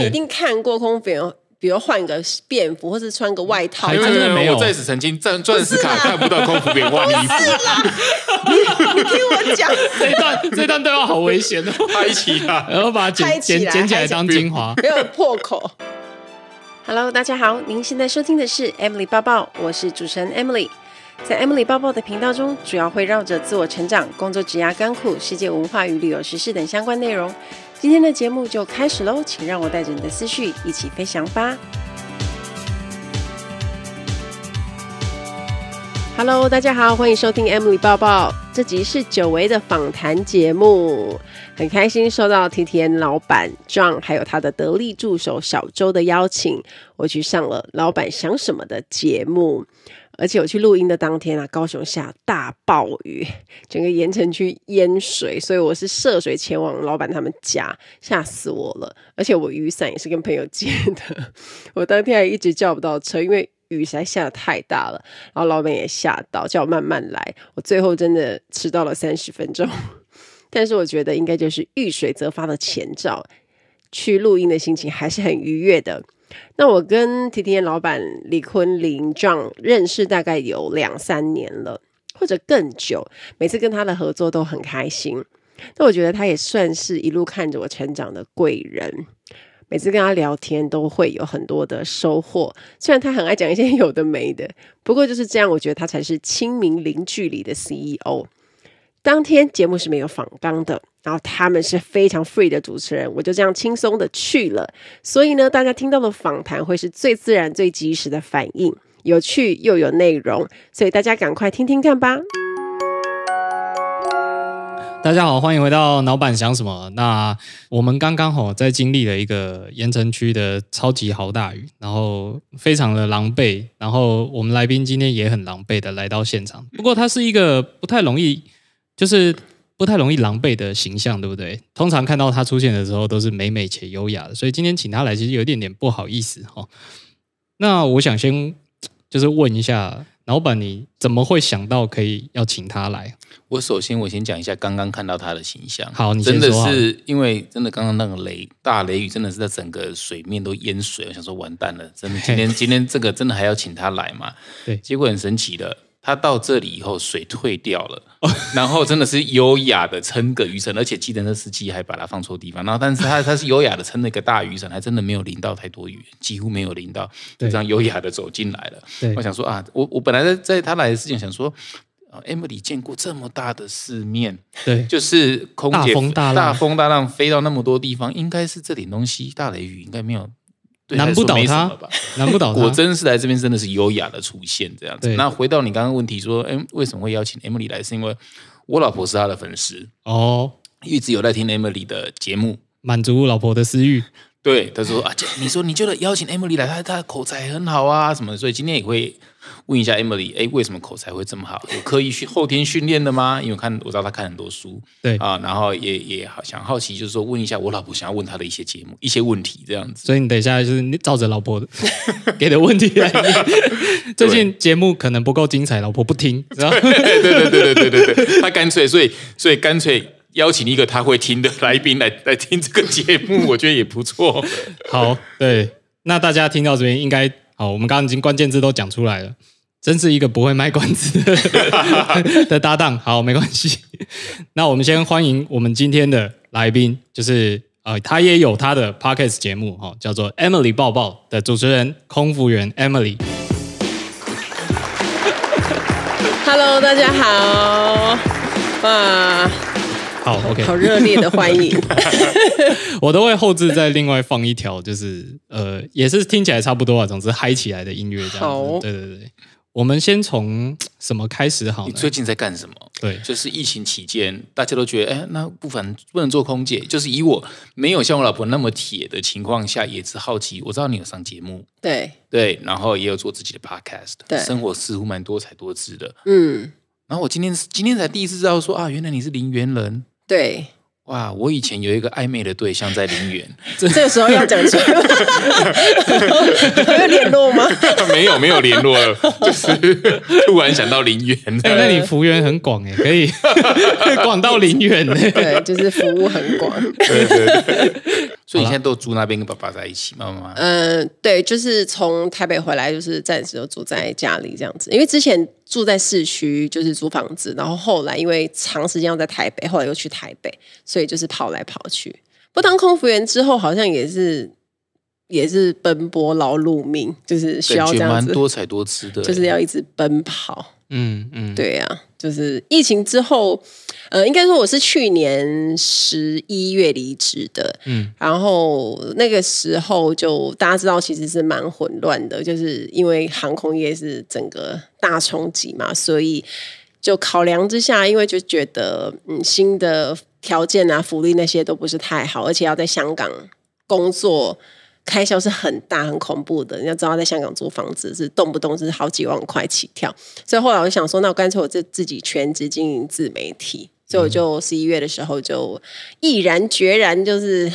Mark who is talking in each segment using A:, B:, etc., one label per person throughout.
A: 你一定看過空服員，比如換個便服，或是穿個外套。因為我在
B: 死曾經在鑽石卡看不到空服變化。不是啦， 你，你聽
A: 我講，這
C: 段 這段對話好危險哦，拆 起它，然後把它剪剪剪起來當精華，
A: 沒有破口。 Hello，大家好，您現在收聽的是 Emily 報報，我是主持人 Emily。在 Emily 報報的頻道中，主要會繞着自我成長、工作職涯甘苦、世界文化與旅遊時事等相關內容。今天的節目就開始嘍，請讓我帶着你的思緒一起飛翔吧。Hello，大家好，歡迎收聽 Emily 報報。這集是久違的訪談節目，很開心受到 TTN 腦闆 John 還有他的得力助手小周的邀請，我去上了腦闆想什麼的節目。而且我去錄音的當天啊，高雄下大暴雨，整個鹽埕區淹水，所以我是涉水前往老闆他們家，嚇死我了！而且我雨傘也是跟朋友借的，我當天還一直叫不到車，因為雨實在下得太大了。然後老闆也嚇到，叫我慢慢來，我最後真的遲到了三十分鐘。但是我覺得應該就是遇水則發的前兆，去錄音的心情還是很愉悅的。那我跟提提研老闆李昆霖這樣認識大概有兩三年了，或者更久。每次跟他的合作都很開心。那我覺得他也算是一路看着我成長的貴人。每次跟他聊天都會有很多的收穫。雖然他很愛講一些有的沒的，不過就是這樣，我覺得他才是親民零距離的 C E O。當天節目是沒有訪綱的，然後他們是非常 free 的主持人，我就這樣輕鬆的去了。所以呢，大家聽到的訪談會是最自然、最及時的反應，有趣又有內容，所以大家趕快聽聽看吧。
C: 大家好，歡迎回到《老板想什麼》。那我們剛剛好在經歷了一個鹽埕區的超級豪大雨，然後非常的狼狽，然後我們來賓今天也很狼狽的來到現場。不過它是一個不太容易。就是不太容易狼狽的形象，對不對？通常看到他出現的時候，都是美美且優雅的。所以今天請他來，其實有一點點不好意思哈、哦。那我想先就是問一下老闆，你怎麼會想到可以要請他來？
B: 我首先我先講一下剛剛看到他的形象，好，你好真的是因為真的剛剛那個雷大雷雨，真的是在整個水面都淹水，我想說完蛋了，真的今天嘿今天這個真的還要請他來嘛？
A: 對，
B: 結果很神奇的。他到這裡以後，水退掉了，哦、然後真的是優雅的撐個雨傘， 而且記得那司機還把它放錯地方。然後，但是他他是優雅的撐那個大雨傘，還真的沒有淋到太多雨，幾乎沒有淋到，就這樣優雅的走進來了。對我想說啊，我我本來在在他來的事情想說呃 Emily 見過這麼大的世面，對， 就是空姐大風大，大風大浪飛到那麼多地方，應該是這點東西大雷雨應該沒有。
A: 對難不倒他，難不倒他，果真
B: 是來這邊真的是優雅的出現這樣子對。那回到你剛剛問題說，哎，為什麼會邀請 Emily 來？是因為我老婆是她的粉絲哦，一直有在聽 Emily 的節目，
C: 滿足老婆的私欲。
B: 對，他說啊這，你說你覺得邀請 Emily 來，他他的口才很好啊，什麼的？所以今天也會問一下 Emily，哎，為什麼口才會這麼好？有刻意去後天訓練的嗎？因為看我知道他看很多書，對啊，然後也也好想好奇，就是說問一下我老婆，想要問他的一些節目、一些問題這
C: 樣子。所以你等一下就是你照着老婆的 給的問題來。 對最近節目可能不夠精彩，老婆不聽。
B: 對對對，對對對對對對對，他乾脆，所以所以乾脆。邀請一個他會聽的來賓來來聽這個節目， 我覺得也不錯。
C: 好，對，那大家聽到這邊應該好，我們剛剛已經關鍵字都講出來了，真是一個不會賣關子的， 的搭檔。好，沒關係。 那我們先歡迎我們今天的來賓，就是呃，他也有他的 podcast 節目哈、哦，叫做 Emily 報報的主持人空服員 Emily。
A: Hello，大家好，哇、啊。
C: 好，OK，好熱烈的歡
A: 迎！
C: 我都會後置再另外放一條，就是呃，也是聽起來差不多啊，總之嗨起來的音樂這樣好對對對，我們先從什麼開始好？你最近在幹什麼？
B: 對，就是疫情期間，大家都覺得哎、欸，那不凡不能做空姐，就是以我沒有像我老婆那麼鐵的情況下，也是好奇。我知道你有上節目，對對，然後也有做自己的 podcast，對，生活似乎蠻多彩多姿的。嗯，
A: 然
B: 後我今天今天才第一次知道說啊，原來你是林源人。
A: 對，
B: 哇！我以前有一個曖昧的對象在林園，
A: 這個時候要講出來， 有聯絡
C: 嗎？沒有，沒有聯絡， 就是突然想到林園。哎、 欸，那你服務員很廣哎、欸，可以廣 到林園
B: 呢、欸？
A: 對，就是服務很廣。
C: 對
B: 對對。所以你現在都住那邊跟爸爸在一起，媽媽嗯、
A: 呃，對，就是從台北回來，就是暫時都住在家裡這樣子。因為之前住在市區，就是租房子，然後後來因為長時間要在台北，後來又去台北，所以就是跑來跑去。不過當空服員之後，好像也是也是奔波勞碌命，就是需要這樣子蠻多
B: 彩多姿的，就是要一直
A: 奔跑。嗯嗯，嗯對呀，啊，就是疫情之後，呃，應該說我是去年十一月離職的，嗯，然後那個時候就大家知道其實是蠻混亂的，就是因為航空業是整個大衝擊嘛，所以就考量之下，因為就覺得嗯新的條件啊、福利那些都不是太好，而且要在香港工作。開銷是很大，很恐怖的，你要知道，他在香港租房子是動不動是好幾萬塊起跳。所以後來我就想說，那我乾脆我自自己全職經營自媒體。所以我就十一月的時候就毅然決然就是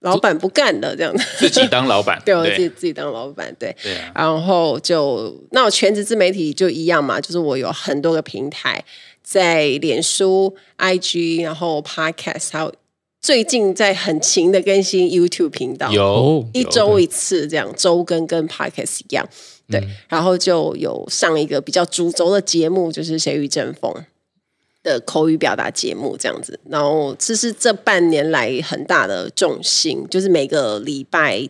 A: 老闆不幹了，這樣子自
B: 己當老闆，對，我自己
A: 自己當老闆，對，對。然後就那我全職自媒體就一樣嘛，就是我有很多個平台，在臉書、IG，然後 Podcast，還有。最近在很勤的更新 YouTube 頻道，有，有一周一次這樣周更，跟 Podcast 一樣。對，嗯、然後就有上一個比較主軸的節目，就是《誰與爭鋒》的口語表達節目這樣子。然後這是這半年來很大的重心，就是每個禮拜、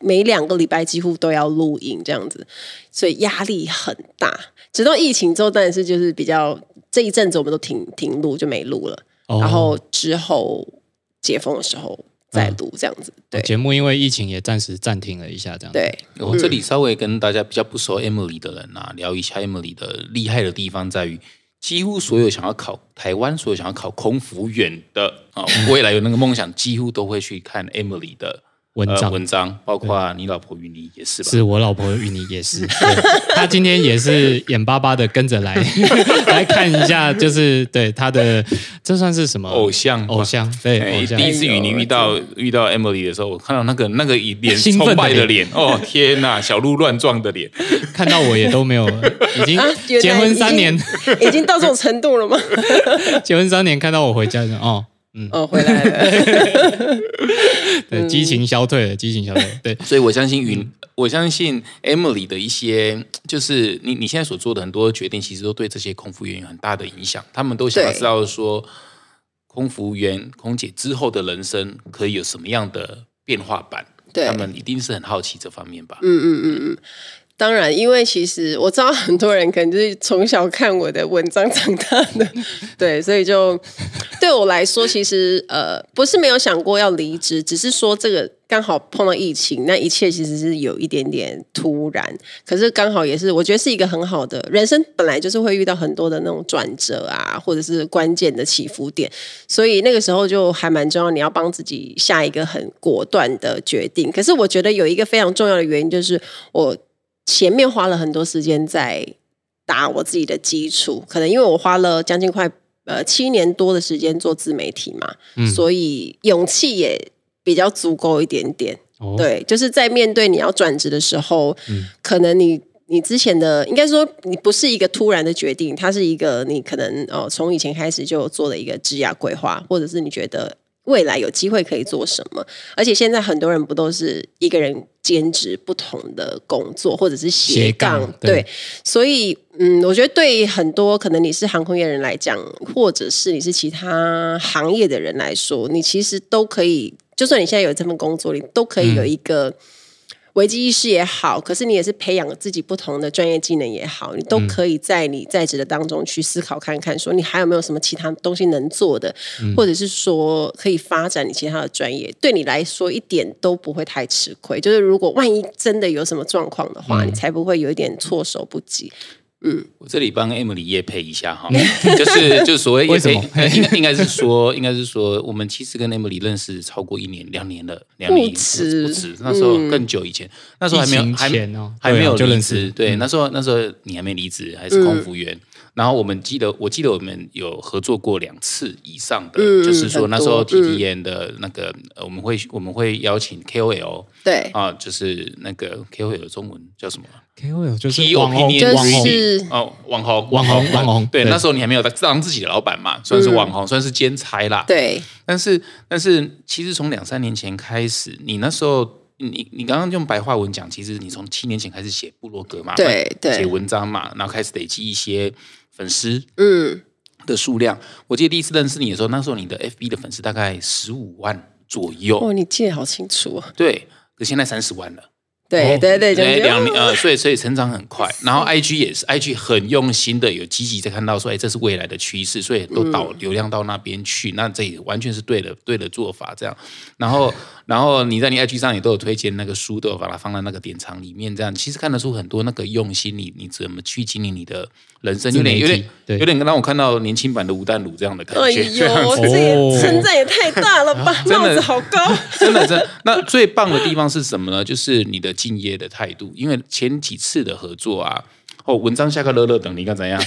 A: 每兩個禮拜幾乎都要錄音這樣子，所以壓力很大。直到疫情之後，但是就是比較這一陣子，我們都停停錄就沒錄了。哦、然後之後。解封的時候再錄這樣子。節、
C: 嗯、對目因為疫情也暫時暫停了一下，這樣
A: 子對。
B: 我、嗯哦、這裡稍微跟大家比較不熟 Emily 的人啊，聊一下 Emily 的厲害的地方在於，在於幾乎所有想要考台灣，所有想要考空服員的啊、哦，未來有那個夢想， 幾乎都會去看 Emily 的。文章，文章，包括你老婆玉妮
C: 也是吧？是，我老婆玉妮也是，她今天也是眼巴巴的跟着來來看一下，就是對她的這算是什麼偶像？偶像，對，第一次玉妮遇
B: 到遇到 Emily 的時候，我看到那個那個臉，崇拜的臉，哦天吶，小鹿亂撞的臉，
C: 看到我也都沒有，已經結婚三年，
A: 已經到這種程度了嗎？
C: 結婚三年看到我回家就哦。嗯、哦，回來了。 對，激情消退了，嗯、激情消退。
B: 對，所以我相信云，嗯、我相信 Emily 的一些，就是你你現在所做的很多決定，其實都對這些空服員有很大的影響。他們都想要知道說，對空服員、空姐之後的人生可以有什麼樣的變化版。對他們一定是很好奇這方面吧？
A: 嗯嗯嗯嗯。嗯嗯當然，因為其實我知道很多人可能就是從小看我的文章長大的，對，所以就對我來說，其實呃，不是沒有想過要離職，只是說這個剛好碰到疫情，那一切其實是有一點點突然。可是剛好也是，我覺得是一個很好的人生，本來就是會遇到很多的那種轉折啊，或者是關鍵的起伏點，所以那個時候就還蠻重要，你要幫自己下一個很果斷的決定。可是我覺得有一個非常重要的原因就是我。前面花了很多時間在打我自己的基礎，可能因為我花了將近快呃七年多的時間做自媒體嘛，嗯、所以勇氣也比較足夠一點點。哦、對，就是在面對你要轉職的時候，嗯、可能你你之前的應該說你不是一個突然的決定，它是一個你可能哦從、呃、以前開始就做了一個職業規劃，或者是你覺得。未來有機會可以做什麼？而且現在很多人不都是一個人兼職不同的工作，或者是斜槓？斜槓，對。對，所以嗯，我覺得對很多可能你是航空業人來講，或者是你是其他行業的人來說，你其實都可以，就算你現在有這份工作，你都可以有一個。嗯。危機意識也好，可是你也是培養自己不同的專業技能也好，你都可以在你在職的當中去思考看看，說你還有沒有什麼其他東西能做的，或者是說可以發展你其他的專業，對你來說一點都不會太吃虧。就是如果萬一真的有什麼狀況的話，嗯、你才不會有一點措手不及。
B: 嗯，我這裡幫 Emily 業配一下哈，就是就是所謂業配，應該應該是說應該是說我們其實跟 Emily 認識超過一年，兩年了，兩年不止，那時候更久以前，那時候還沒有還還沒有離職，對，那時候那時候你還沒離職，還是空服員。然後我們記得我記得我們有合作過兩次以上的，就是說那時候 TTN 的那個我們會我們會邀請 KOL 對啊，就是那個 KOL 的中文叫什麼？
C: KOL 就是網紅，網、就、紅、是、
B: 哦，網紅，網紅，網紅。對，對那時候你還沒有在當自己的老闆嘛，算是網紅，嗯、算是兼差啦，對。但是，但是，其實從兩三年前開始，你那時候，你你剛剛用白話文講，其實你從七年前開始寫部落格嘛，對，對寫文章嘛，然後開始累積一些粉絲，嗯，的數量。嗯、我記得第一次認識你的時候，那時候你的 F B 的粉絲大概十五萬左右。哦，你
A: 記得好清楚啊。
B: 對，可現在三十萬了。
A: 對對對，兩年
B: 呃，所以所以成長很快，是然後 IG 也是 IG 很用心的，有積極在看到說，哎，這是未來的趨勢，所以都導流量到那邊去，嗯、那這也完全是對的，對的做法這樣，然後。然後你在你 IG 上也都有推薦的那個書，都有把它放在那個典藏裡面。這樣其實看得出很多那個用心，你你怎麼去經營你的人生，有點有點對有點讓我看到年輕版的吳淡如這樣的感覺。哎呦喲，這也
A: 成長也太大了吧，帽子好
B: 高，真的真的。那最棒的地方是什麼呢？就是你的敬業的態度，因為前幾次的合作啊。哦，文章下課樂樂等你，你看
C: 怎樣？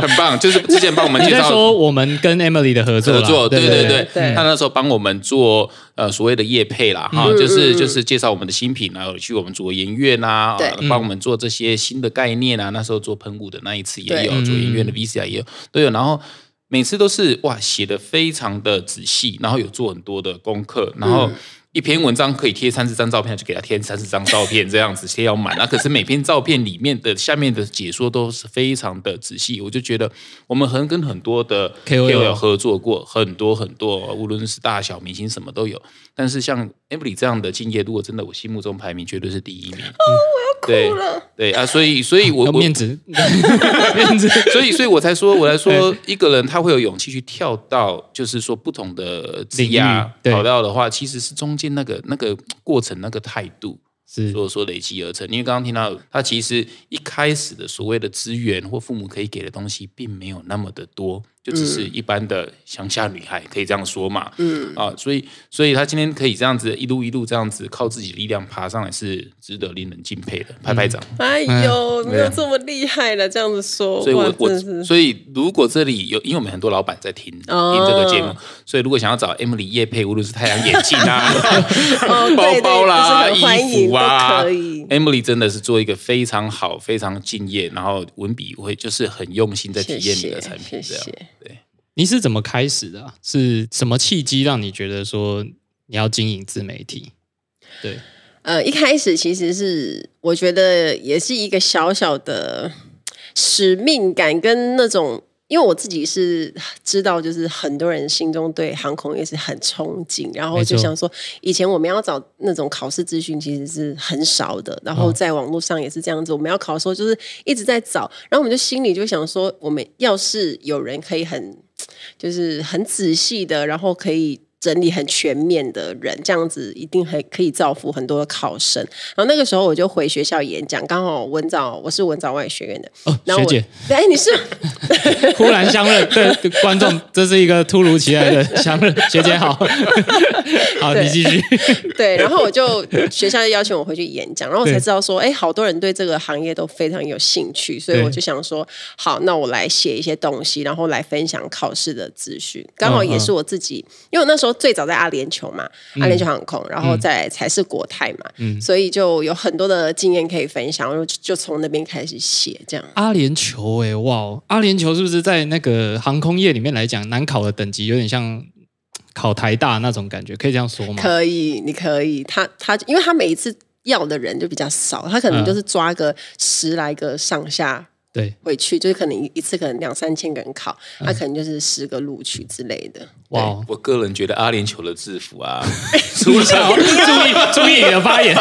C: 很棒，就是之前幫我們介紹，他說我們跟 Emily 的合作，合作，對對對，
B: 他那時候幫我們做呃所謂的業配啦，哈，就是就是介紹我們的新品然後去我們做音樂吶，幫我們做這些新的概念啊，那時候做噴霧的那一次也有，做音樂的 VCR 也有都有，然後每次都是哇寫得非常的仔細，然後有做很多的功課，然後。一篇文章可以貼三十張照片，就給他貼三十張照片，這樣子貼要滿那、 啊、可是每篇照片裡面的下面的解說都是非常的仔細，我就覺得我們很跟很多的 KOL 有合作過，o o、很多很多，無論是大小明星什麼都有。但是像 Emily 這樣的敬業，如果真的我心目中排名絕對是第一名。Oh, well. 嗯對對啊，所以所以，所以，我面子面子，所以所以我才說，我才說，對一個人他會有勇氣去跳到，就是說不同的職業跑道的話，其實是中間那個那個過程那個態度是或者說累積而成。因為剛剛聽到他其實一開始的所謂的資源或父母可以給的東西，並沒有那麼的多。就只是一般的鄉下女孩，可以這樣說嘛？嗯啊，所以，所以她今天可以這樣子一路一路這樣子靠自己力量爬上來，是值得令人敬佩的，拍拍掌。哎呦，沒有這
A: 麼厲害了，這樣子說。所以我我所
B: 以如果這裡有，因為我們很多老板在聽聽這個節目，所以如果想要找 Emily 業配，無論是太陽眼鏡啊、
A: 包包啦、衣服啊
B: ，Emily 真的是做一個非常好、非常敬業，然後文筆會就是很用心在體驗你的產品，這樣。謝謝，謝謝。
C: 你是怎麼開始的啊？是什麼契機讓你覺得說你要經營自媒體？對，
A: 呃，一開始其實是我覺得也是一個小小的使命感，跟那種，因為我自己是知道，就是很多人心中對航空也是很憧憬，然後就想說，沒錯。以前我們要找那種考試資訊其實是很少的，然後在網絡上也是這樣子，哦。我們要考的時候就是一直在找，然後我們就心裡就想說，我們要是有人可以很。就是很仔細的，然後可以。整理很全面的人，這樣子一定很可以造福很多的考生。然後那個時候我就回學校演講，剛好文藻，我是文藻外語學院的哦，然後我學姐，哎，你是
C: 忽然相認，對 觀眾，這是一個突如其來的相認，學姐好，
A: 好，對你繼續，對，然後我就學校就邀請我回去演講，然後我才知道說，哎對，好多人對這個行業都非常有興趣，所以我就想說，對好，那我來寫一些東西，然後來分享考試的資訊，剛好也是我自己，嗯嗯因為我那時候。最早在阿聯酋嘛，嗯、阿聯酋航空，然後再來才是國泰嘛，嗯、所以就有很多的經驗可以分享，就就從那邊開始寫這樣。阿
C: 聯酋哎、欸，哇，阿聯酋是不是在那個航空業裡面來講，難考的等級有點像考台大那種感覺？可以這樣說嗎？可
A: 以，你可以。他他，因為他每一次要的人就比較少，他可能就是抓個十來個上下、嗯，對，回去就是可能一一次可能兩三千個人考，嗯、他可能就是十個錄取之類的。
B: 哇 Wow，我個人覺得阿聯酋的制服啊， 想 注意注意你的發言，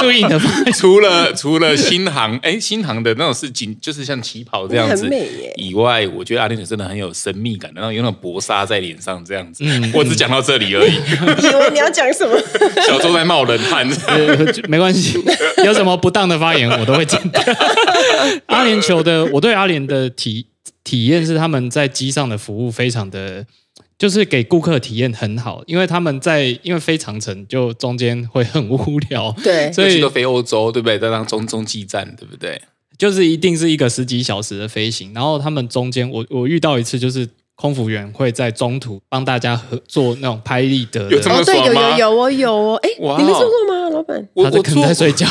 B: 注意你的發言。除了除了新航，哎、欸，新航的那種是緊，就是像旗袍這樣子，很美耶以外，我覺得阿聯酋真的很有神秘感，然後有那種薄紗在臉上
C: 這樣子。嗯、我只講到這裡而已。以為
A: 你要講什麼？
C: 小周在冒冷汗， 沒關係，有什麼不當的發言我都會講。 阿聯酋的，我對阿聯的體體驗是他們在機上的服務非常的。就是給顧客體驗很好，因為他們在因為飛長程，就中間會很無聊，對，所以
B: 飛歐洲對不對？在當中中繼站對不對？
C: 就是一定是一個十幾小時的飛行，然後他們中間我，我我遇到一次就是。空服員會在中途幫大家合做那種拍立得，有做、哦、對，有
A: 有有，我有哦，哎，欸、哇你們做過嗎，老板？他可能在
B: 睡覺，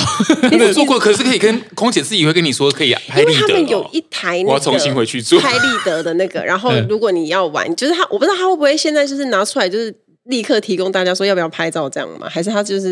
B: 你們做過，可是可以跟空姐自己會跟你說可以拍立得，
A: 因為他們有一台，我要重新回去做拍立得的那個。然後如果你要玩，嗯、就是他，我不知道他會不會現在就是拿出來就是。立刻提供大家說要不要拍照這樣嗎？還是他就是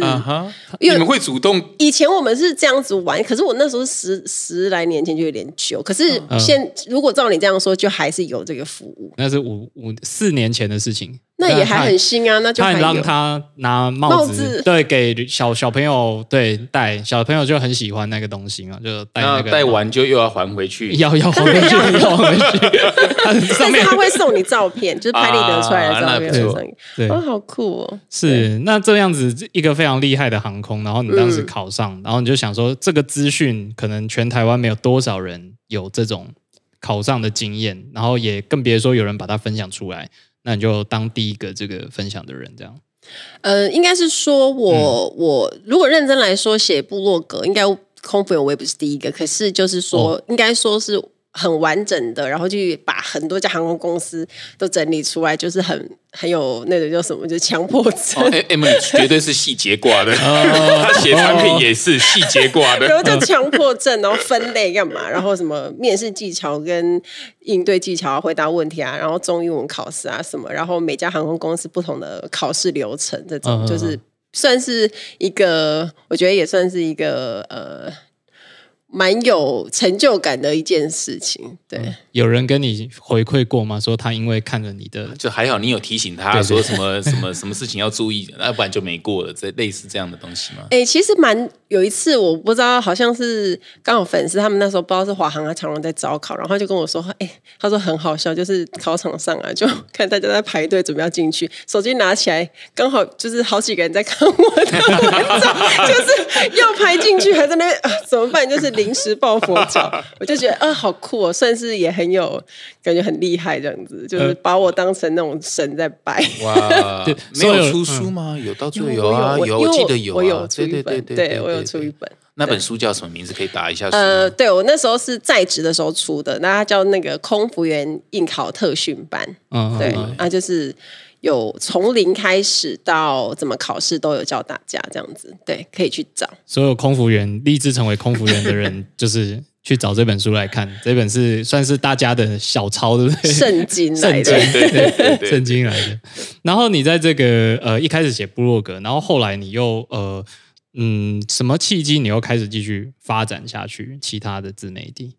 A: 因為你們會主動？以前我們是這樣子玩，可是我那時候十十來年前就有點久。可是現如果照你這樣說，就還是有這個服務。
C: 嗯，那是五五四年前的事情。
A: 那也還很新啊，那就你讓他
C: 拿帽子，對，給小小朋友對戴，小朋友就很喜歡那個東西嘛，就戴那個，戴完就又要還回去，要要還回去，要還回去。但是他會送你
A: 照片，就是拍立得出來
C: 的照片，
A: 對，哇，好酷哦！
C: 是，那這樣子一個非常厲害的航空，然後你當時考上，然後你就想說，這個資訊可能全台灣沒有多少人有這種考上的經驗，然後也更別說有人把它分享出來。那你就當第一個這個分享的人，這樣。
A: 呃，應該是說我、嗯、我如果認真來說落，寫部落格應該 confirm，肯定我，我也不是第一個。可是就是說，哦、應該說是。很完整的，然後去把很多家航空公司都整理出來，就是很很有那個叫什麼，就是、強迫症。
B: 哎 Emily 絕對是細節掛的， 他寫產品也是細節掛的。Oh. 然後就強
A: 迫症，然後分類幹嘛？然後什麼面試技巧跟應對技巧、啊、回答問題啊，然後中英文考試啊什麼，然後每家航空公司不同的考試流程這種，oh. 就是算是一個，我覺得也算是一個呃。蠻有成就感的一件事情，對。嗯
C: 有人跟你回饋過嗎？說他因為看了你的，就
B: 還好，你有提醒他說什麼對對什麼什麼事情要注意，那要、 啊、不然就沒過了。這類似這樣的東西
A: 嗎？哎、欸，其實蠻有一次，我不知道，好像是剛好粉絲他們那時候不知道是華航啊、長榮在招考，然後就跟我說，哎、欸，他說很好笑，就是考場上啊，就看大家在排隊準備要進去，手機拿起來，剛好就是好幾個人在看我的文章， 就是要排進去，還在那邊、呃、怎麼辦？就是臨時抱佛腳， 我就覺得啊、呃，好酷哦，算是也很。有感覺很厲害，這樣子就是把我當成那種神在拜哇！沒有出書嗎？有到處有啊，有有記得有我有出一本，對我
B: 有出一本。那本書叫什麼名字？可以打一下。呃，
A: 對我那時候是在職的時候出的，那他叫那個空服員應考特訓班。對，啊，就是有從零開始到怎麼考試都有教大家這樣子。對，可以去找
C: 所有空服員、立志成為空服員的人，就是。去找這本書來看，這本是算是大家的小抄，對不對？聖經來的，聖經， 聖經，對對對對，聖經來的。然後你在這個呃一開始寫部落格，然後後來你又呃嗯什麼契機，你又開始繼續發展下去其他的自媒體。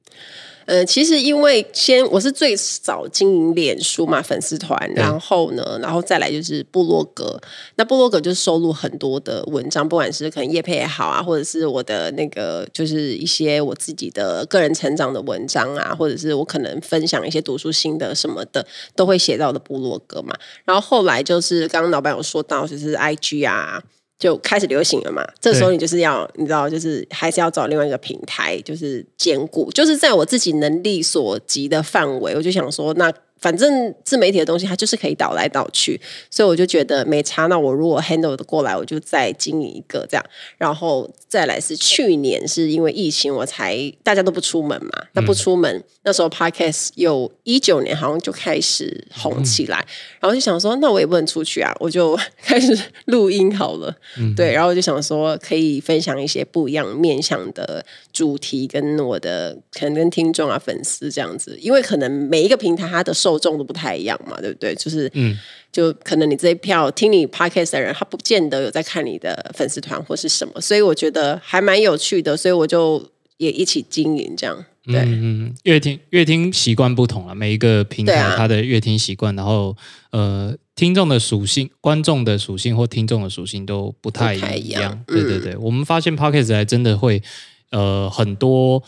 A: 呃，其實因為先我是最早經營臉書嘛，粉絲團，然後呢，嗯、然後再來就是部落格。那部落格就是收錄很多的文章，不管是可能業配也好啊，或者是我的那個就是一些我自己的個人成長的文章啊，或者是我可能分享一些讀書心得什麼的，都會寫到的部落格嘛。然後後來就是剛剛老板有說到，就是 IG 啊。就開始流行了嘛，這時候你就是要，對你知道，就是還是要找另外一個平台，就是兼顧，就是在我自己能力所及的範圍，我就想說那。反正自媒體的東西，它就是可以倒來倒去，所以我就覺得沒差。那我如果 handle 的過來，我就再經營一個這樣，然後再來是去年是因為疫情，我才大家都不出門嘛，那不出門，嗯、那時候 podcast 又19年好像就開始紅起來，嗯、然後就想說，那我也不能出去啊，我就開始錄音好了，嗯、對，然後就想說可以分享一些不一樣面向的主題，跟我的可能跟聽眾啊、粉絲這樣子，因為可能每一個平台它的受重都不太一樣嘛，對不對？就是，嗯，就可能你這一票聽你 podcast 的人，他不見得有在看你的粉絲團或是什麼，所以我覺得還蠻有趣的，所以我就也一起經營這樣。嗯嗯，樂、嗯、
C: 聽樂聽習慣不同了，每一個平台它的樂聽習慣，啊、然後呃，聽眾的屬性、觀眾的屬性或聽眾的屬性都不太，不太一樣。一樣嗯、對對對，我們發現 podcast 還真的會呃很多。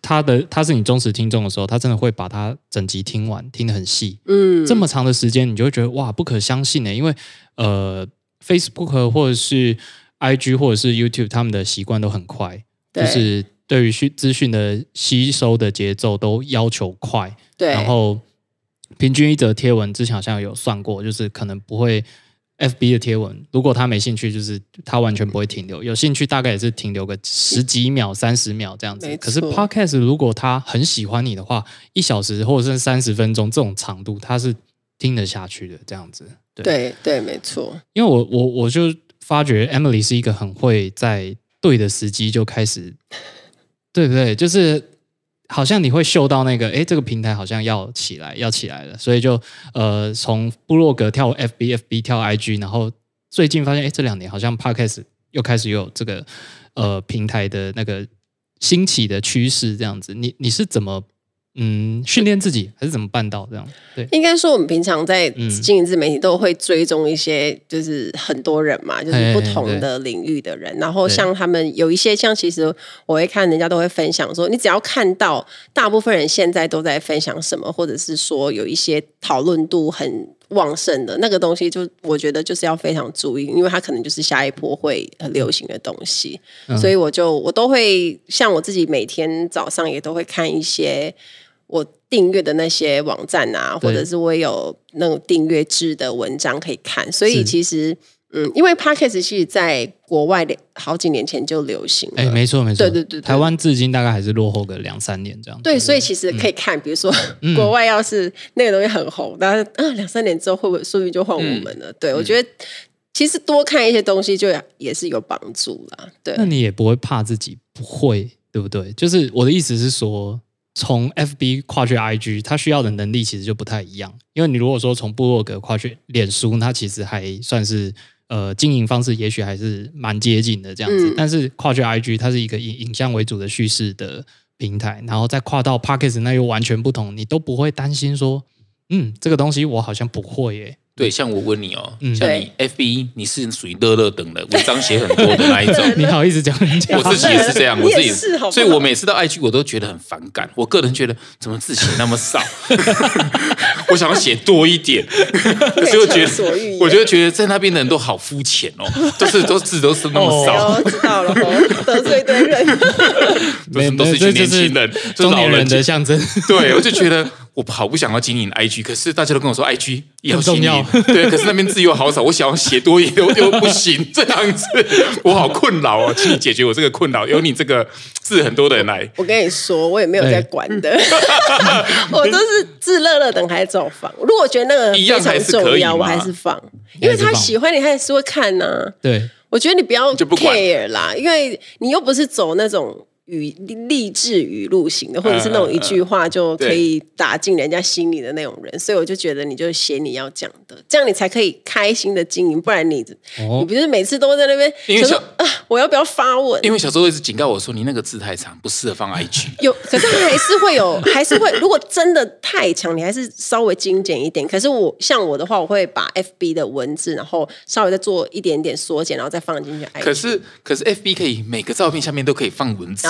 C: 他的他是你忠實聽眾的時候，他真的會把他整集聽完，聽得很細。嗯，這麼長的時間，你就會覺得哇，不可相信呢、欸。因為呃，Facebook 或者是 IG 或者是 YouTube，他們的習慣都很快，對就是對於訊資訊的吸收的節奏都要求快。對，然後平均一則貼文之前好像有算過，就是可能不會。F B 的貼文，如果他沒興趣，就是他完全不會停留；嗯、有興趣，大概也是停留個十幾秒、三十、嗯、秒這樣子。沒錯。可是 Podcast，如果他很喜歡你的話，一小時或者是三十分鐘這種長度，他是聽得下去的。這樣子，
A: 對對對，沒錯。
C: 因為我我我就發覺 Emily 是一個很會在對的時機就開始，對不對？就是。好像你會嗅到那個，誒，這個平台好像要起來，要起來了，所以就，呃，從部落格跳 FB，FB 跳 IG，然後最近發現，誒，這兩年好像 Podcast 又開始又有這個，呃，平台的那個興起的趨勢這樣子，你你是怎麼？嗯，訓練自己還是怎麼辦到這樣？對，
A: 應該說我們平常在經營自媒體都會追蹤一些，就是很多人嘛，嗯、就是不同的領域的人。哎、然後像他們有一些，像其實我會看人家都會分享說，你只要看到大部分人現在都在分享什麼，或者是說有一些討論度很旺盛的那個東西，就我覺得就是要非常注意，因為它可能就是下一波會很流行的東西。嗯、所以我就我都會像我自己每天早上也都會看一些。我訂閱的那些網站啊，對或者是我也有那種訂閱制的文章可以看，所以其實是嗯，因為 Podcast 是在國外好幾年前就流行了，哎，
C: 沒錯沒錯，對對，對，對台灣至今大概還是落後個兩三年這樣子。
A: 對，對所以其實可以看，嗯、比如說國外要是那個東西很紅，但是、嗯、啊兩三年之後會不會順便就換我們了？嗯、對我覺得其實多看一些東西，就也是有幫助啦。對，
C: 那你也不會怕自己不會，對不對？就是我的意思是說。從 FB 跨去 IG，它需要的能力其實就不太一樣。因為你如果說從部落格跨去臉書，它其實還算是呃經營方式，也許還是蠻接近的這樣子。嗯、但是跨去 IG，它是一個以影像為主的敘事的平台，然後再跨到 Podcast，那又完全不同。你都不會擔心說，嗯，這個東西我好像不會耶。
B: 對，像我問你哦，像你 F B，你是屬於落落長的、文章寫很多的那一種。
C: 你好意思講？我自己也是這樣，我自己也是。所以我
B: 每次到 I G，我都覺得很反感。我個人覺得，怎麼字寫那麼少？我想要寫多一點，可是我就覺得，我覺得覺得在那邊的人都好膚淺哦，都是都字都是那麼少。知道了，
A: 得罪
B: 的人，都是都是一群年輕人、中年人的象徵。對，我就覺得。我好不想要經營 IG，可是大家都跟我說 IG 也要經營，重 對，可是那邊字又好少，我想要寫多一點又，又不行，這樣子我好困擾哦， 請你解決我這個困擾。有你這個字很多的人來我，
A: 我跟你說，我也沒有在管的，對 我都是自樂樂，等他找房，如果我覺得那個比較重要我還是放，因為他喜歡你，他也是會看吶、啊。對，我覺得你不要 care 啦，因為你又不是走那種。語勵志語錄型的，或者是那種一句話就可以打進人家心裡的那種人，啊啊、所以我就覺得你就寫你要講的，這樣你才可以開心的經營，不然你、哦、你不是每次都在那邊因是啊、呃，我要
B: 不要發文？因為小周一直警告我說，你那個字太長，不適合放 IG。有，
A: 可是還是會有， 還是會。如果真的太長，你還是稍微精簡一點。可是我像我的話，我會把 FB 的文字，然後稍微再做一點點縮減，然後再放進去 IG 可。可
B: 是可是 FB 可以每個照片下面都可以放文字。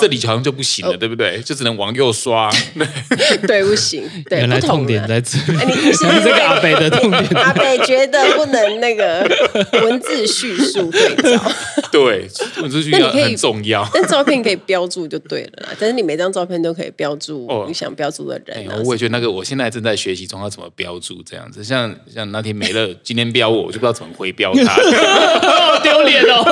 B: 這裡好像就不行了，對不對？就只能往右刷。
A: 對，不行。對。原來痛點在這。
C: 你這個阿北的痛點，阿北覺得
A: 不能那個文字敘述
C: 對照。
B: 對，文字敘述很重要。但
A: 照片可以標注就對了。但是你每張照片都可以標注你想標注的人。我也覺得那
B: 個我現在正在學習中，要怎麼標注這樣子。像像那天美樂今天標我，我就不知道怎麼回標他，
A: 好丟臉哦。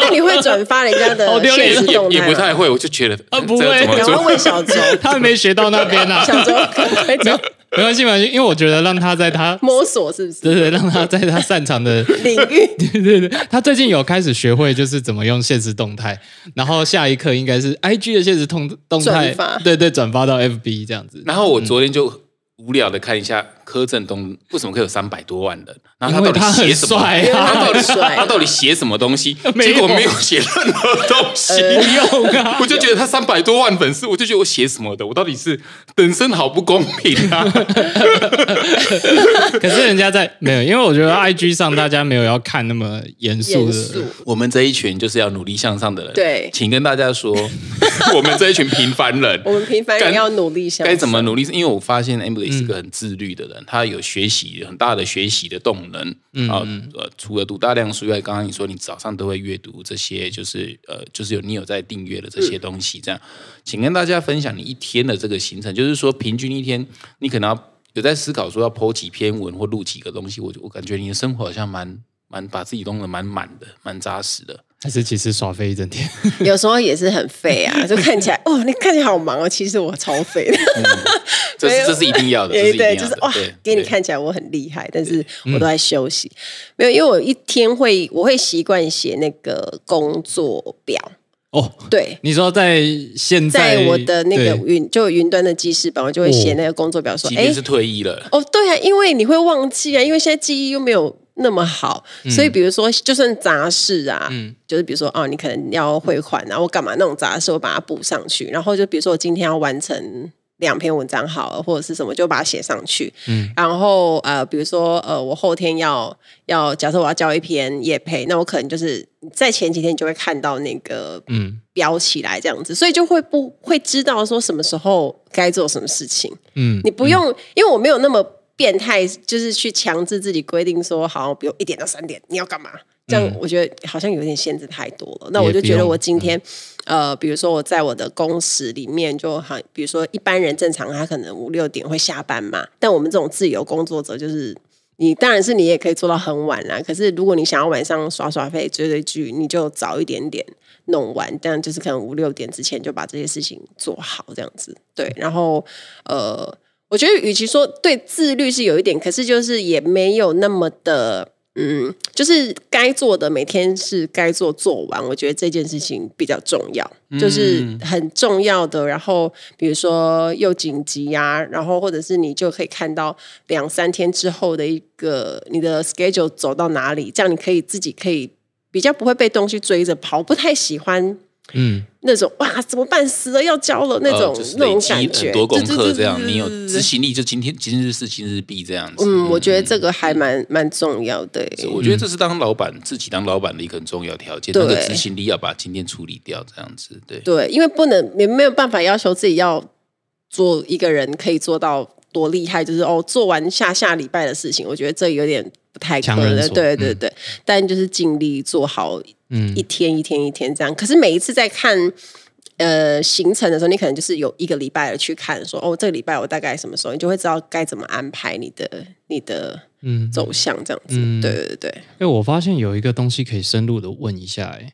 A: 那你會轉發人家的？好丟臉，也不太。會我就覺得啊不會，你要問小周，他還沒學到那邊呢、啊。 小周
C: 沒關係，沒關係，因為我覺得讓他在他摸索是不是？對對，讓他在他擅長的 領域。對對對，他最近有開始學會就是怎麼用限時動態，然後下一課應該是 I G 的限時動動態發對對，轉發到 F B 這樣子。
B: 然後我昨天就。嗯無聊的看一下柯震東為什麼可以有三百多萬人？然後他到底寫什麼？他，啊、他到底帥？他到底寫什麼東西？結果沒有寫任何東西，欸、不用啊！我就覺得他三百多萬粉絲，我就覺得我寫什麼的？我到底是人生好不公平啊！
C: 可是人家在沒有，因為我覺得 I G 上大家沒有要看那麼嚴
B: 肅的。我們這一群就是要努力向上的人。對，請跟大家說。 我們這一群平凡人，我們平
A: 凡人要努力一下。該怎麼努力？
B: 是因為我發現 Emily 是個很自律的人，嗯、他有學習很大的學習的動能啊、嗯呃。除了讀大量書外，剛剛你說你早上都會閱讀這些，就是呃，就是有你有在訂閱的這些東西。這樣，嗯、請跟大家分享你一天的這個行程，就是說平均一天你可能要有在思考說要 PO 幾篇文或錄幾個東西。我我感覺你的生活好像蠻蠻把自己弄得蠻滿的，蠻扎實的。
C: 但是其實耍廢一整天，
A: 有時候也是很廢啊！就看起來哦，你看起來好忙哦，其實我超廢的。這是這是一定要的，對對，就是哇，給你看起來我很厲害，但是我都在休息。沒有，因為我一天會，我會習慣寫那個工作表。哦，對，
C: 你說在現在我的那個
A: 雲，就雲端的記事本，我就會寫那個工作表，說已經是
C: 退役了。
A: 哦，對啊，因為你會忘記啊，因為現在記憶又沒有。那麼好，所以比如說，就算雜事啊，嗯、就是比如說哦，你可能要匯款，然後我干嘛那種雜事，我把它補上去。然後就比如說，我今天要完成兩篇文章，好了，或者是什麼，就把它寫上去。嗯、然後呃，比如說呃，我後天要要，假設我要交一篇業配，那我可能就是在前幾天你就會看到那個嗯標起來這樣子，所以就會不會知道說什麼時候該做什麼事情。嗯，你不用，嗯、因為我沒有那麼。變態，就是去強制自己規定說，好，比如一點到三點你要幹嘛？這樣我覺得好像有點限制太多了。嗯、那我就覺得我今天，嗯、呃，比如說我在我的工時裡面，就好，比如說一般人正常他可能五六點會下班嘛。但我們這種自由工作者，就是你當然是你也可以做到很晚啦。可是如果你想要晚上耍耍廢追追劇，你就早一點點弄完。但就是可能五六點之前就把這些事情做好，這樣子對。然後呃。我覺得，與其說對自律是有一點，可是就是也沒有那麼的，嗯，就是該做的每天是該做做完。我覺得這件事情比較重要，嗯、就是很重要的。然後比如說又緊急呀、啊，然後或者是你就可以看到兩三天之後的一個你的 schedule 走到哪裡，這樣你可以自己可以比較不會被東西追着跑。不太喜歡。嗯，那種哇，怎麼辦？死了要交了那種那種感覺，呃、就是，很多功課這樣。這這這你有執
B: 行力，就今天今日事，今日是畢這樣子。嗯，
A: 我覺得這個還蠻蠻重要的。我覺得這是
B: 當老板自己當老板的一個很重要條件，對，嗯、那個執行力要把今天處理掉，這樣子。對對，
A: 因為不能也沒有辦法要求自己要做一個人可以做到多厲害，就是哦，做完下下禮拜的事情。我覺得這有點。太苛了，強人對，對對對，嗯、但就是盡力做好，嗯，一天一天一天這樣。嗯、可是每一次在看呃行程的時候，你可能就是有一個禮拜去看說，說哦，這個禮拜我大概什麼時候，你就會知道該怎麼安排你的你的嗯走向這樣子。對、嗯、對
C: 對對，哎、欸，我發現有一個東西可以深入的問一下，哎，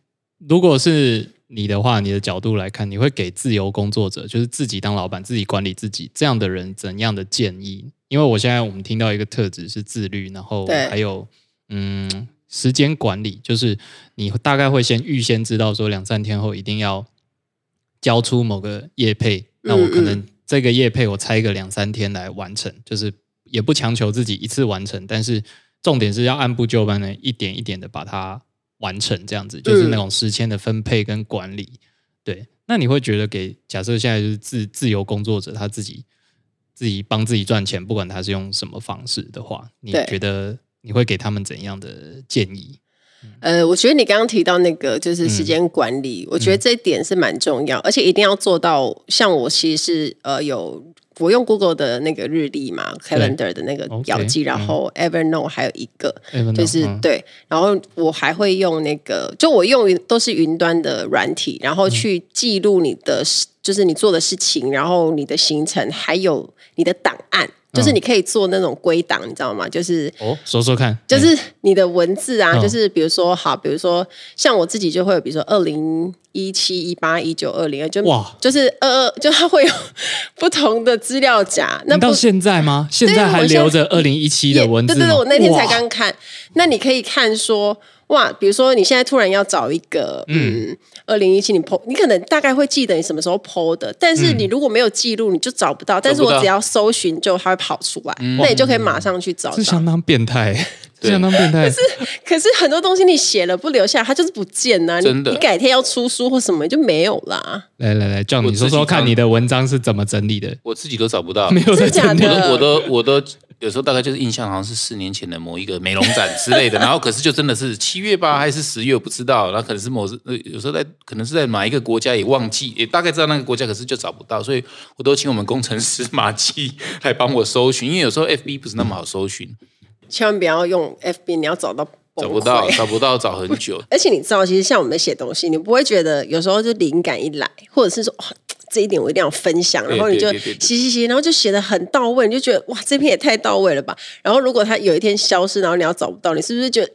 C: 如果是你的話，你的角度來看，你會給自由工作者，就是自己當老板、自己管理自己這樣的人怎樣的建議？因為我現在我們聽到一個特質是自律，然後還有對嗯時間管理，就是你大概會先預先知道說兩三天後一定要交出某個業配，嗯嗯，那我可能這個業配我拆個兩三天來完成，就是也不強求自己一次完成，但是重點是要按部就班的，一點一點的把它完成，這樣子就是那種時間的分配跟管理。嗯、對，那你會覺得給假設現在就是自自由工作者他自己，自己幫自己賺錢，不管他是用什麼方式的話，你覺得你會給他們怎樣的建議？
A: 呃，我覺得你剛剛提到那個就是時間管理，嗯、我覺得這一點是蠻重要，嗯、而且一定要做到。像我其實是呃有我用 Google 的那個日曆嘛對，Calendar 的那個標記，okay, 然後 Evernote 還有一個，嗯、就是、嗯、對。然後我還會用那個，就我用都是雲端的軟體，然後去記錄你的、嗯、就是你做的事情，然後你的行程，還有你的檔案。就是你可以做那種歸檔，你知道嗎？就是哦，說說看，欸、就是你的文字啊，嗯、就是比如說好，比如說像我自己就會有，比如說二零一七、一八、一九、二零二就哇，就是二二、呃，就它會有不同的資料夾。那到
C: 現在嗎？現在還留着二零一七的文字嗎？對對對，我那天才剛
A: 看。那你可以看說哇，比如說你現在突然要找一個，嗯，二零一七年 po，你，po，你可能大概會記得你什麼時候 po 的，但是你如果沒有記錄，你就找不到。嗯、但是我只要搜尋，就它會跑出來，Jama o 那你就可以馬上去找。這相對是相
C: 當變態，是相當變態。可是
A: 可是很多東西你寫了不留下，它就是不見吶、啊。真的你，你改天要出書或什麼，就沒有啦。
C: 來來來，John，你說說看，你的文章是怎麼整理的？我
B: 自,我自己都找不到，沒有在假的、的，我的我的我的。有時候大概就是印象好像是四年前的某一個美容展之類的， 然後可是就真的是七月吧還是十月不知道，然後可能是某時呃有時候在可能是在哪一個國家也忘記也大概知道那個國家，可是就找不到，所以我都請我們工程師馬基來幫我搜尋，因為有時候 FB 不是那麼好搜尋，
A: 千萬不要用 FB，你要找到。找不到，找不
B: 到，找很久。
A: 而且你知道，其實像我們在寫東西，你不會覺得有時候就靈感一來，或者是說，哦，這一點我一定要分享，然後你就寫寫寫，然後就寫得很到位，你就覺得哇，這篇也太到位了吧。然後如果它有一天消失，然後你要找不到，你是不是覺得？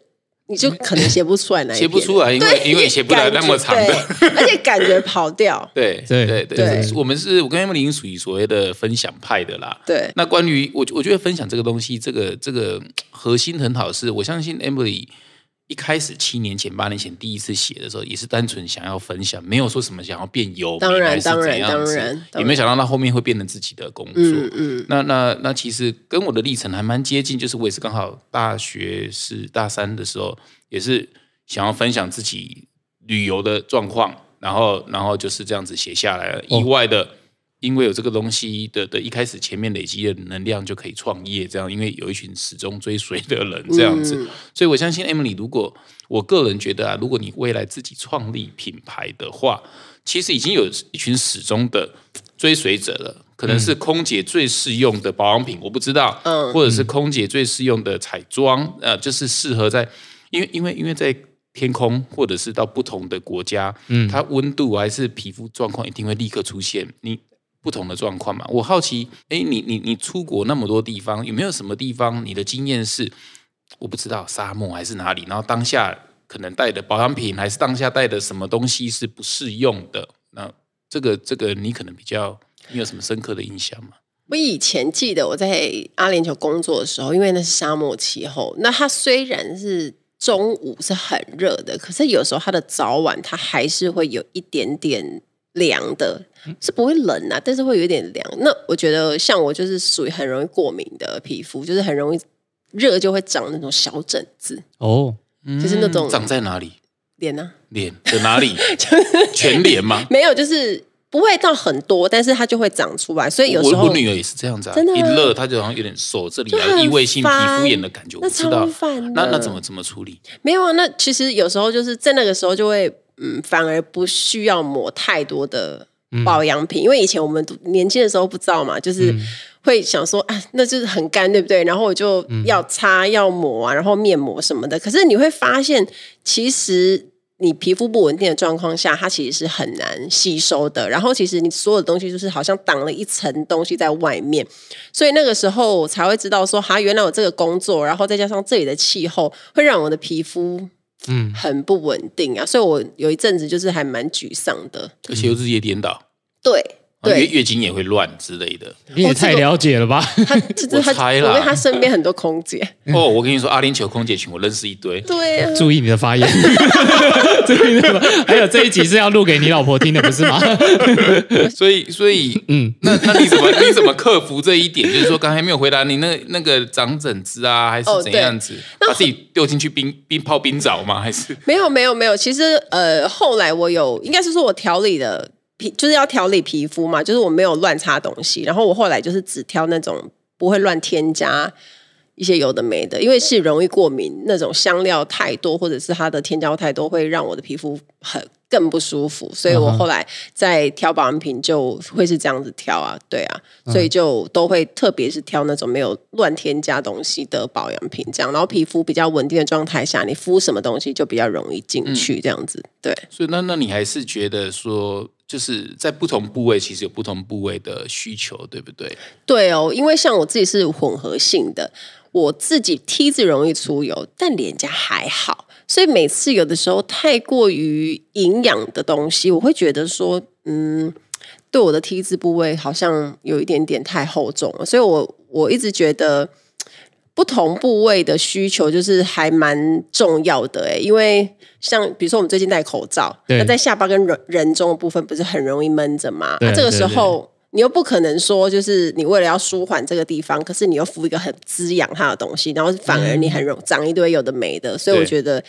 A: 你就可能寫不出來，寫不出來，因為對因為寫不了那麼長的， 對而且感覺跑掉。
B: 對對對對，對對，我們是我跟 Emily 屬於所謂的分享派的啦。對，那關於我我覺得分享這個東西，這個這個核心很好是，是我相信 Emily。一開始七年前、八年前第一次寫的時候，也是單純想要分享，沒有說什麼想要變有名，當然當然當然，還是怎樣子，也沒想到那後面會變成自己的工
A: 作。嗯
B: 嗯，嗯，那那那其實跟我的歷程還蠻接近，就是我也是剛好大學是大三的時候，也是想要分享自己旅游的狀況，然後然後就是這樣子寫下來了，哦、意外的。因為有這個東西的的、的一開始前面累積的能量就可以創業這樣，因為有一群始終追隨的人這樣子，嗯、所以我相信 Emily，如果我個人覺得啊，如果你未來自己創立品牌的話，其實已經有一群始終的追隨者了。可能是空姐最適用的保養品，我不知道，嗯、或者是空姐最適用的彩妝，呃，就是適合在，因為因為因為在天空或者是到不同的國家，嗯，它溫度還是皮膚狀況一定會立刻出現你。不同的狀況嘛，我好奇，哎，你你你出國那麼多地方，有沒有什麼地方你的經驗是，我不知道沙漠還是哪裡？然後當下可能帶的保養品，還是當下帶的什麼東西是不適用的？那這個這個你可能比較，你有什麼深刻的印
A: 象嗎？我以前記得我在阿聯酋工作的時候，因為那是沙漠氣候，那它雖然是中午是很熱的，可是有時候它的早晚它還是會有一點點。涼的，是不會冷啊，但是會有點涼。那我覺得像我就是屬於很容易過敏的皮膚，就是很容易熱就會長那種小疹子
B: 哦，嗯、就是那種長在哪裡？臉呢、啊？臉的哪裡？ 全臉嗎？
A: 沒有，就是不會到很多，但是它就會長出來。所以有時候我，我
B: 女兒也是這樣子，啊。真的啊，一熱她就好像有點手這裡異位性皮膚炎的感覺，那超煩。那那怎麼怎麼處理？
A: 沒有，啊，那其實有時候就是在那個時候就會。嗯，反而不需要抹太多的保養品，嗯、因為以前我們年輕的時候不知道嘛，就是會想說，嗯、啊，那就是很乾，對不對？然後我就要擦、嗯、要抹啊，然後面膜什麼的。可是你會發現，其實你皮膚不穩定的狀況下，它其實是很難吸收的。然後其實你所有的東西，就是好像擋了一層東西在外面，所以那個時候我才會知道說，哈、啊，原來我這個工作，然後再加上這裡的氣候，會讓我的皮膚。嗯，很不穩定啊，所以我有一陣子就是還蠻沮喪的，
B: 而且我自己也顛倒。嗯。
A: 對。對月
B: 月經也會亂之類的，你也太了解了吧？了、
A: 哦，因、這、為、個這個、他身邊很多空姐。嗯、
B: 哦，我跟你說，阿聯酋空姐群我認識一堆。對，
A: 對啊、
C: 注意你的發言。對。 還有這一集是要錄給你老婆聽的，不是嗎？
B: 所以，所以，嗯，那那你怎麼你怎麼克服這一點？就是說，剛才沒有回答你那那個長疹子啊，還是怎樣子？哦、那把自己丟進去冰冰泡冰澡嗎？還是？
A: 沒有，沒有，沒有。其實，呃，後來我有，應該是說我調理的。皮就是要調理皮膚嘛，就是我沒有亂擦東西，然後我後來就是只挑那種不會亂添加一些有的沒的，因為是容易過敏，那種香料太多或者是它的添加太多會讓我的皮膚很更不舒服，所以我後來在挑保養品就會是這樣子挑啊，對啊，所以就都會特別是挑那種沒有亂添加東西的保養品，這樣，然後皮膚比較穩定的狀態下，你敷什麼東西就比較容易進去，這樣子，嗯，
B: 對。所以那那你還是覺得說。就是在不同部位，其實有不同部位的需求，對不對？
A: 對哦，因為像我自己是混合性的，我自己 T 字容易出油，但臉頰還好，所以每次有的時候太過於營養的東西，我會覺得說，嗯，對我的 T 字部位好像有一點點太厚重了，所以我我一直覺得。不同部位的需求就是還蠻重要的。欸、因為像比如說我們最近戴口罩，那對在下巴跟人人中的部分不是很容易悶着嗎？那，啊、這個時候你又不可能說就是你為了要舒緩這個地方，可是你又敷一個很滋養它的東西，然後反而你很容對長一堆有的沒的，所以我覺得。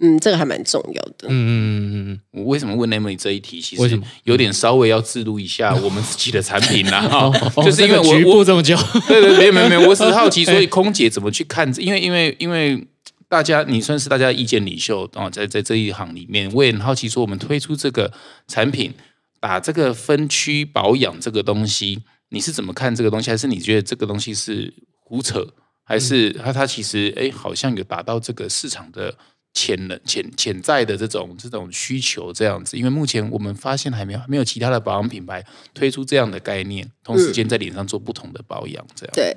A: 嗯，這個還蠻重要
B: 的。嗯嗯嗯嗯，我為什麼問 Emily 這一題？其實有點稍微要置入一下我們自己的產品啦， 哦、就是因為我、哦、局部
C: 這麼久。對對，沒有 沒有沒有，我只是好奇，所以
B: 空姐怎麼去看？因為因為因為大家，你算是大家意見領袖，然、哦、在在這一行裡面，我也很好奇說，我們推出這個產品，把這個分區保養這個東西，你是怎麼看這個東西？還是你覺得這個東西是胡扯？還是它、嗯、它其實哎，好像有達到這個市場的？潛能潛潛在的這種這種需求這樣子，因為目前我們發現還沒有還沒有其他的保養品牌推出這樣的概念，同時間在臉
A: 上做不同的保養這樣、嗯。對，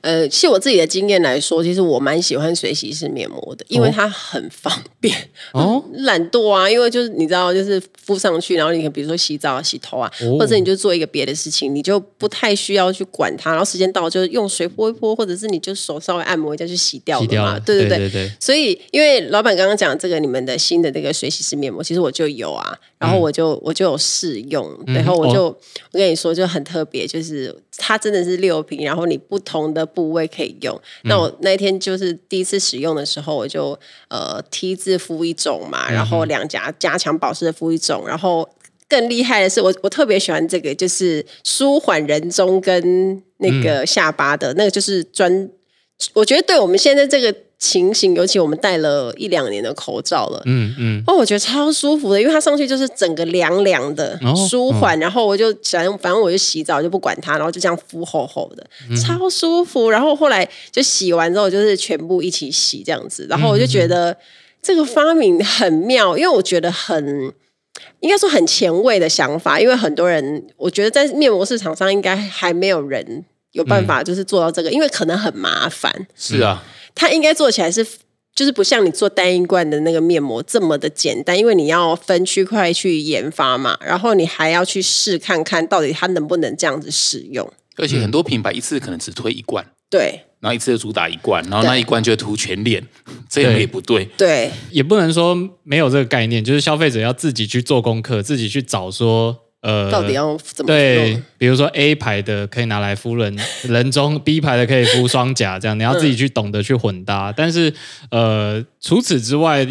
A: 呃，是我自己的經驗來說，其實我蠻喜歡水洗式麵膜的，因為它很方便。哦，懶、嗯、惰啊，因為就是你知道，就是敷上去，然後你可比如說洗澡、洗頭啊，哦、或者你就做一個別的事情，你就不太需要去管它。然後時間到了，就是用水潑一潑，或者是你就手稍微按摩一下去洗掉的嘛。對對對對。所以，因為老闆。剛剛講這個你們的新的那個水洗式面膜，其實我就有啊，然後我就、嗯、我就，我就有試用，嗯、然後我就我跟你說就很特別，就是它真的是六瓶，然後你不同的部位可以用。嗯、那我那天就是第一次使用的時候，我就呃 T 字敷一種嘛，嗯、然後兩頰加強保濕的敷一種，然後更厲害的是，我我特別喜歡這個，就是舒緩人中跟那個下巴的、嗯、那個，就是專，我覺得對我們現在這個。情形，尤其我們戴了一兩年的口罩了，嗯嗯，嗯哦，我覺得超舒服的，因為它上去就是整個涼涼的，哦、舒緩，哦、然後我就想，反正我就洗澡就不管它，然後就這樣敷厚厚的，嗯、超舒服。然後後來就洗完之後就是全部一起洗這樣子，然後我就覺得這個發明很妙，因為我覺得很，應該說很前衛的想法，因為很多人我覺得在面膜市場上應該還沒有人有辦法就是做到這個，嗯、因為可能很麻煩。是啊。是它應該做起來是，就是不像你做單一罐的那個面膜這麼的簡單，因為你要分區塊去研發嘛，然後你還要去試看看到底它能不能這樣子使用。而且
B: 很多品牌一次可能只推一罐，對，然後一次就主打一罐，然後那一罐就塗全臉，
C: 對這也沒不對，對，對，也不能說沒有這個概念，就是消費者要自己去做功課，自己去找說。呃，到底要怎麼用？對，比如說 A 牌的可以拿來敷人，人中 B 牌的可以敷雙頰，這樣你要自己去懂得去混搭。但是呃，除此之外，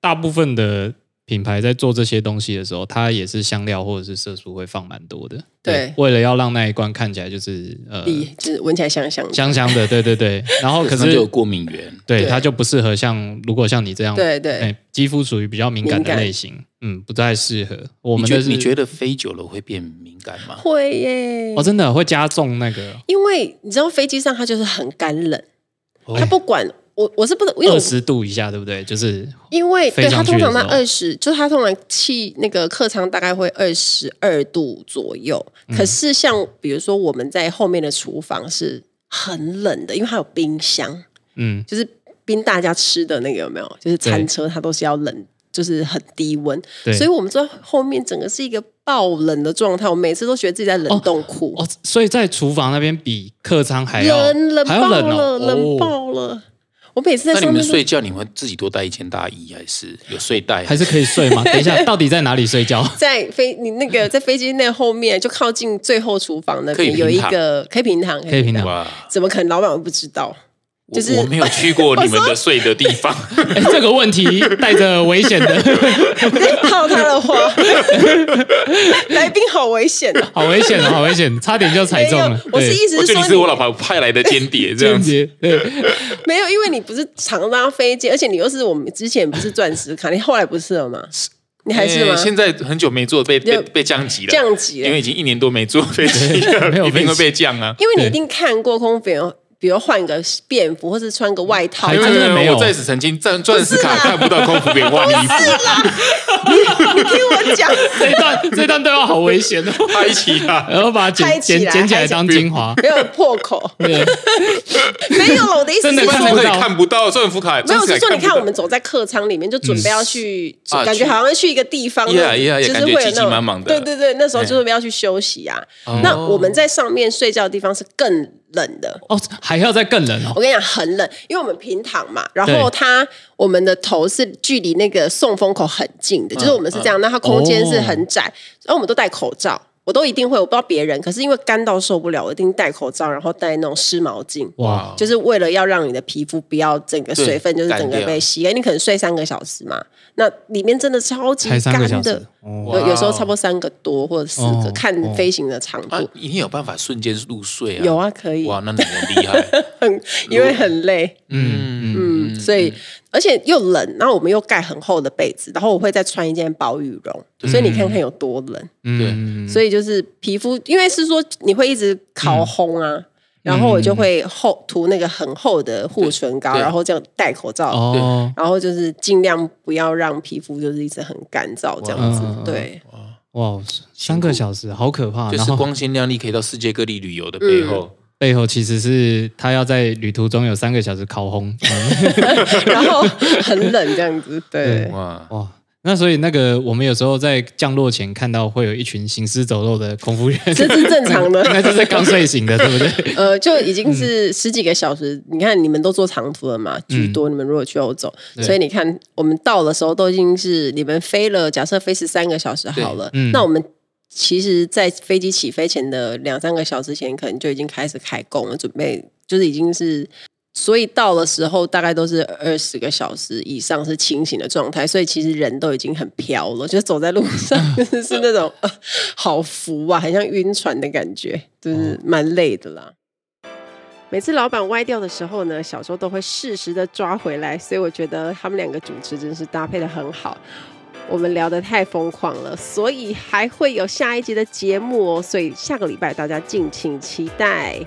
C: 大部分的。品牌在做這些東西的時候，它也是香料或者是色素會放蠻多的。對，對，為了要讓那一罐看起來就是呃，就是
A: 聞起來香香的
C: 香香的。對對對，然後可能有過敏源，對，對它就不適合像如果像你這樣對對、哎，肌膚屬於比較敏感的類型，敏感。嗯，不太適合。我們是覺得，你覺得飛久了會變敏感
A: 嗎？會耶，哦真的
C: 會加重那個，
A: 因為你知道飛機上它就是很乾冷，哦、它不管。我我是不能，因為二十
C: 度以下，對不對？就是
A: 因為對，他通常在二十，就是他通常氣那個客艙大概會二十二度左右。嗯、可是像比如說我們在後面的廚房是很冷的，因為它有冰箱，嗯，就是冰大家吃的那個有沒有？就是餐車它都是要冷，對就是很低溫。對所以我們在後面整個是一個爆冷的狀態。我每次都覺得自己在冷凍庫。哦，哦，
C: 所以在廚房那邊比客艙還要冷了，還要冷哦，爆了哦冷爆
A: 了。我每次在那，那你們睡
B: 覺，你們自己多帶一件大衣，還是有睡袋還，還是可以睡嗎？
C: 等一下，到底在哪裡睡覺？
A: 在飛，你那個在飛機那後面，就靠近最後廚房那邊，有一個可以平躺，可以平躺，平躺怎麼可能？老闆都不知道。就是我沒有去過你們的
C: 睡的地方。我說 欸、這個問題帶着危險的，
A: 泡他的話
C: ，
A: 來賓好危險，好危險，好
C: 危險，差點就踩中了。我是意思是說，你是我老婆派來的間諜，這樣子。
A: 沒有，因為你不是常拉飛機，而且你又是我們之前不是鑽石卡，你後來不是了嗎？
B: 你還是嗎？欸、現在很久沒坐，被、被被降級了，降級，因為已經一年多沒坐飛機，你一定會被降啊。因為你一定
A: 看過空姐哦。比如換個便服，或是穿個外套，真的沒
B: 有鑽石，曾經鑽鑽石卡看不到空服員換衣服啦。你聽
A: 我講，這段這段對話好危
C: 險哦，拍起啊，然後把它剪剪剪起來當精華，沒
A: 有破口，沒有我的意思，真的不可以看
C: 不到鑽石
B: 卡。沒有是說，你看我
A: 們走在客艙裡面，就準備要去，感覺好像去一個地方，呀呀，就是會有那麼忙的，對對對，那時候就是要去休息啊。那我們在上面睡覺的地方是更冷的
C: 哦，還要再更冷哦！我
A: 跟你講，很冷，因為我們平躺嘛，然後它，對我們的頭是距離那個送風口很近的，嗯、就是我們是這樣，那它、嗯、空間、哦、是很窄，所以我們都戴口罩，我都一定會，我不知道別人，可是因為乾到受不了，我一定戴口罩，然後戴那種濕毛巾，嗯、哇，就是為了要讓你的皮膚不要整個水分對就是整個被吸乾。你可能睡三個小時嘛，那裡面真的超級乾的。Oh, wow. 有有時候差不多三個多或者四個，oh, oh. 看飛行的長度。啊、
B: 一定有辦法瞬間入睡啊？有啊，
A: 可以。哇，那你很厲害 很。因為很累，果嗯嗯，所以、嗯、而且又冷，然後我們又蓋很厚的被子，然後我會再穿一件薄羽絨，對所以你看看有多冷。嗯、對，所以就是皮膚，因為是說你會一直烤烘啊。嗯然後我就會厚塗那個很厚的護唇膏，啊、然後這樣戴口罩，對然後就是盡量不要讓皮膚就是一直很乾燥這樣子。哇對，
C: 哇，三個小時，好可怕！
B: 苦後就是光鮮亮麗可以到世界各地旅遊的
C: 背後，嗯、背後其實是他要在旅途中有三個小時烤烘，
A: 然後很冷這樣子。對，哇哇。哇
C: 那所以那個，我們有時候在降落前看到會有一群行屍走肉的空服員，這是正常的、嗯，應該是在剛睡醒的，對 不對？
A: 呃，就已經是十幾個小時。你看，你們都坐長途了嘛，嗯、居多。你們如果去歐洲，對所以你看，我們到的時候都已經是你們飛了，假設飛十三個小時好了。嗯、那我們其實，在飛機起飛前的兩三個小時前，可能就已經開始開工了，準備就是已經是。所以到的時候大概都是二十個小時以上是清醒的狀態，所以其實人都已經很飄了，就是走在路上、就是那種 好浮啊，很像暈船的感覺，就是蠻累的啦。嗯、每次老闆歪掉的時候呢，小周都會適時的抓回來，所以我覺得他們兩個主持真是搭配的很好。我們聊得太瘋狂了，所以還會有下一集的節目哦，所以下個禮拜大家敬請期待。